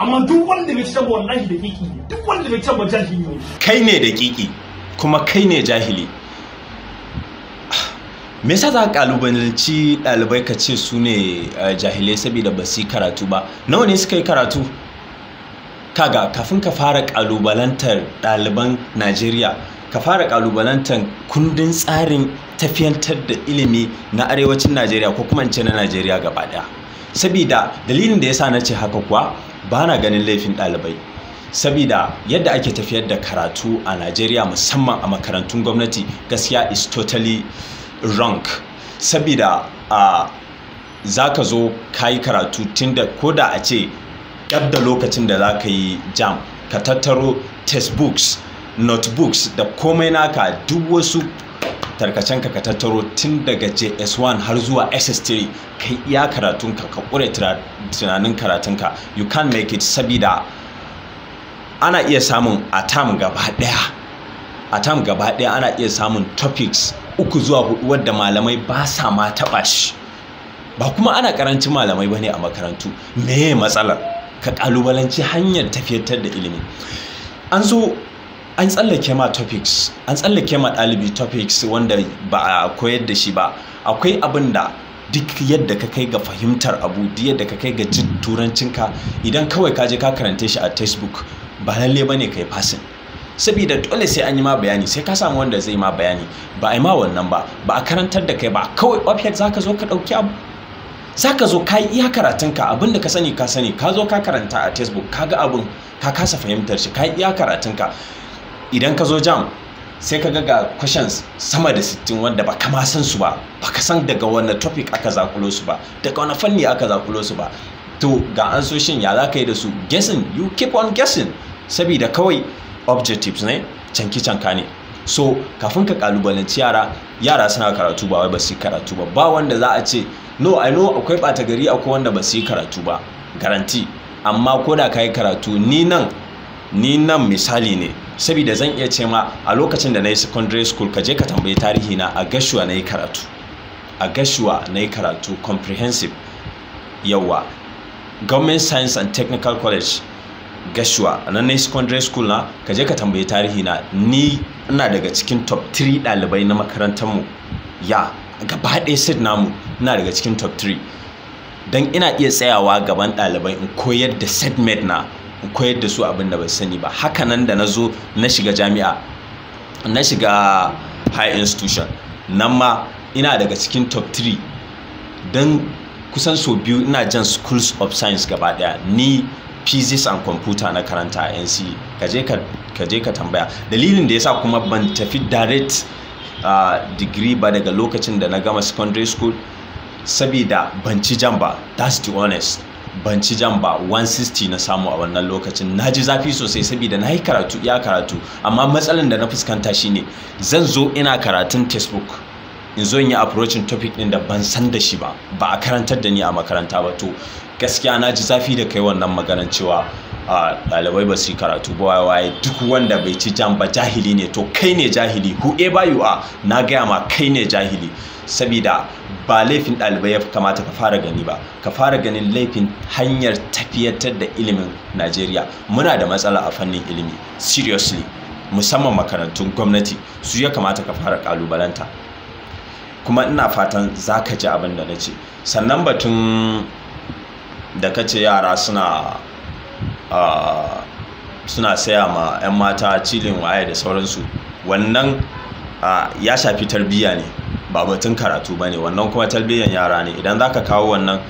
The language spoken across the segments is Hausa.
amma duk wanda bai wallahi da kiki duk wanda bai jahili ne kai ne da kiki kuma kai ne jahili me yasa za ka kalubalanci ɗalibai ka ce su ne eh, jahilai saboda ba su yi karatu ba nawa ne suka yi karatu kaga kafin ka fara kalubalantar ɗaliban najeriya ka fara kalubalantar kundin tsarin tafiyantar da ilimi na arewacin najeriya ko kuma ce na najeriya gaba ɗaya saboda dalilin da yasa na ce haka kuwa ba na ganin laifin ɗalibai sabida yadda ake tafiyar da karatu a najeriya musamman a makarantun gwamnati gaskiya is totally wrong sabida a za ka zo ka yi karatu tun da ko da a ce gab da lokacin da za ka yi jam ka tattaro textbooks notebooks da komai naka duk wasu tarkacen ka ka tattaro tun daga js1 har zuwa ss3 kai iya karatunka ka kure tunanin karatunka you can make it sabida ana iya samun a tam gaba daya a tam gaba ɗaya ana iya samun topics uku zuwa hudu wadda malamai ba sa ma taɓa shi ba kuma ana karanci malamai bane a makarantu me matsalar ka kalubalanci hanyar tafiyar da ilimi an zo. an tsallake ma topics an tsallake ma ɗalibi topics wanda ba a koyar da shi ba akwai abin da duk yadda ka kai ga fahimtar abu duk yadda ka kai ga turancinka idan kawai ka je ka karante shi a facebook ba lalle ka kai fasin saboda dole sai an yi ma bayani sai ka samu wanda zai ma bayani ba a yi ma wannan ba ba a karantar da kai ba kawai za ka zo ka ɗauki abu za ka zo ka yi iya karatunka abin da ka sani ka sani ka zo ka karanta a facebook ka ga abin ka kasa fahimtar shi ka yi iya karatunka idan ka zo jam sai ka ga questions sama da sittin wanda ba kama san su ba ba ka san daga wani topic aka zakulo su ba daga wani fanni aka zakulo su ba to ga ansoshin ya za ka yi da su guessing you keep on guessing sabida kawai objectives ne canki canka ne so kafin ka kalubalanci yara yara suna karatu ba wai ba su karatu ba ba wanda za a ce no i know akwai ɓata gari akwai wanda ba su yi karatu ba garanti amma ko da ka yi karatu ni nan ni nan misali ne saboda zan iya ce ma a lokacin da na yi secondary school ka je ka tambayi tarihi na a gashuwa na yi karatu a gashuwa na yi karatu comprehensive yawa government science and technical college gashuwa a nan na yi secondary school na ka je ka tambayi tarihi na ni ina daga cikin top 3 ɗalibai na makarantar mu ya gaba ɗaya set namu ina daga cikin top 3 don ina iya tsayawa gaban ɗalibai in koyar da set na koyar da su abin da ba sani ba haka nan da na zo na shiga jami'a na shiga high institution nan ma ina daga cikin top 3 don kusan so biyu ina jan schools of science gaba daya ni physics and computer na karanta a nc e. ka je ka tambaya dalilin da ya sa kuma ban tafi direct degree ba daga lokacin da na gama secondary school sabida ban ci jan ba that's the honest ban ci jan ba 160 na samu a wannan lokacin na ji zafi sosai saboda na yi karatu ya karatu amma matsalan da na fuskanta shine zan zo ina karatun textbook in zo yi approaching topic din da ban san da shi ba ba a karantar da ni a makaranta ba to gaskiya na ji zafi da kai wannan maganar cewa ɗalibai ba su karatu ba waye duk wanda bai ci jam ba jahili ne to kai ne jahili whoever you are na gaya ma kai ne jahili sabida ba laifin ɗalibai ya kamata ka fara gani ba ka fara ganin laifin hanyar tafiyatar da ilimin najeriya muna da matsala a fannin ilimi seriously musamman makarantun gwamnati su ya kamata ka fara kalubalanta kuma ina fatan za ka ji abin da na ce sannan batun da ka ce yara suna suna saya ma 'yan mata cilin waye da sauransu wannan ya shafi tarbiyya ne ba batun karatu ba ne wannan kuma tarbiyyan yara ne idan za ka kawo wannan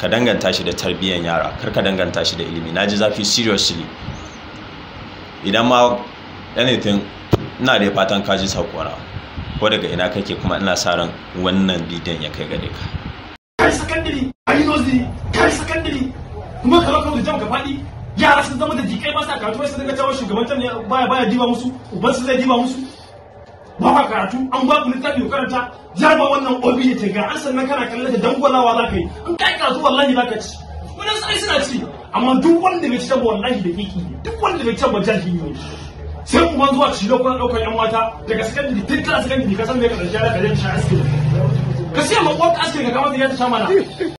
ka danganta shi da tarbiyyan yara kar ka danganta shi da ilimi na ji zafi seriously idan ma anything ina da fatan ka ji saƙona ko daga ina kake kuma ina sa ran wannan bidiyon ya kai gare ka yi nozi kuma ka da jam ka faɗi yara sun zama da jikai ba sa karatu wai su dinga cewa shugaban can ne baya baya diba musu uban su zai diba musu ba ka karatu an ba ku littafi ku karanta ba wannan obi ta ga an sannan kana kallon da dangwalawa za ka yi in ka yi karatu wallahi za ka ci wani sai suna ci amma duk wanda bai ci ba wallahi da kiki duk wanda bai ci ba jahili ne sai ban zuwa ci lokacin ɗaukar yan mata daga da tun sakan da ka san me ka da yara ka je ta sha aski ka siya makwabta aski ka kama da ya ta sha mana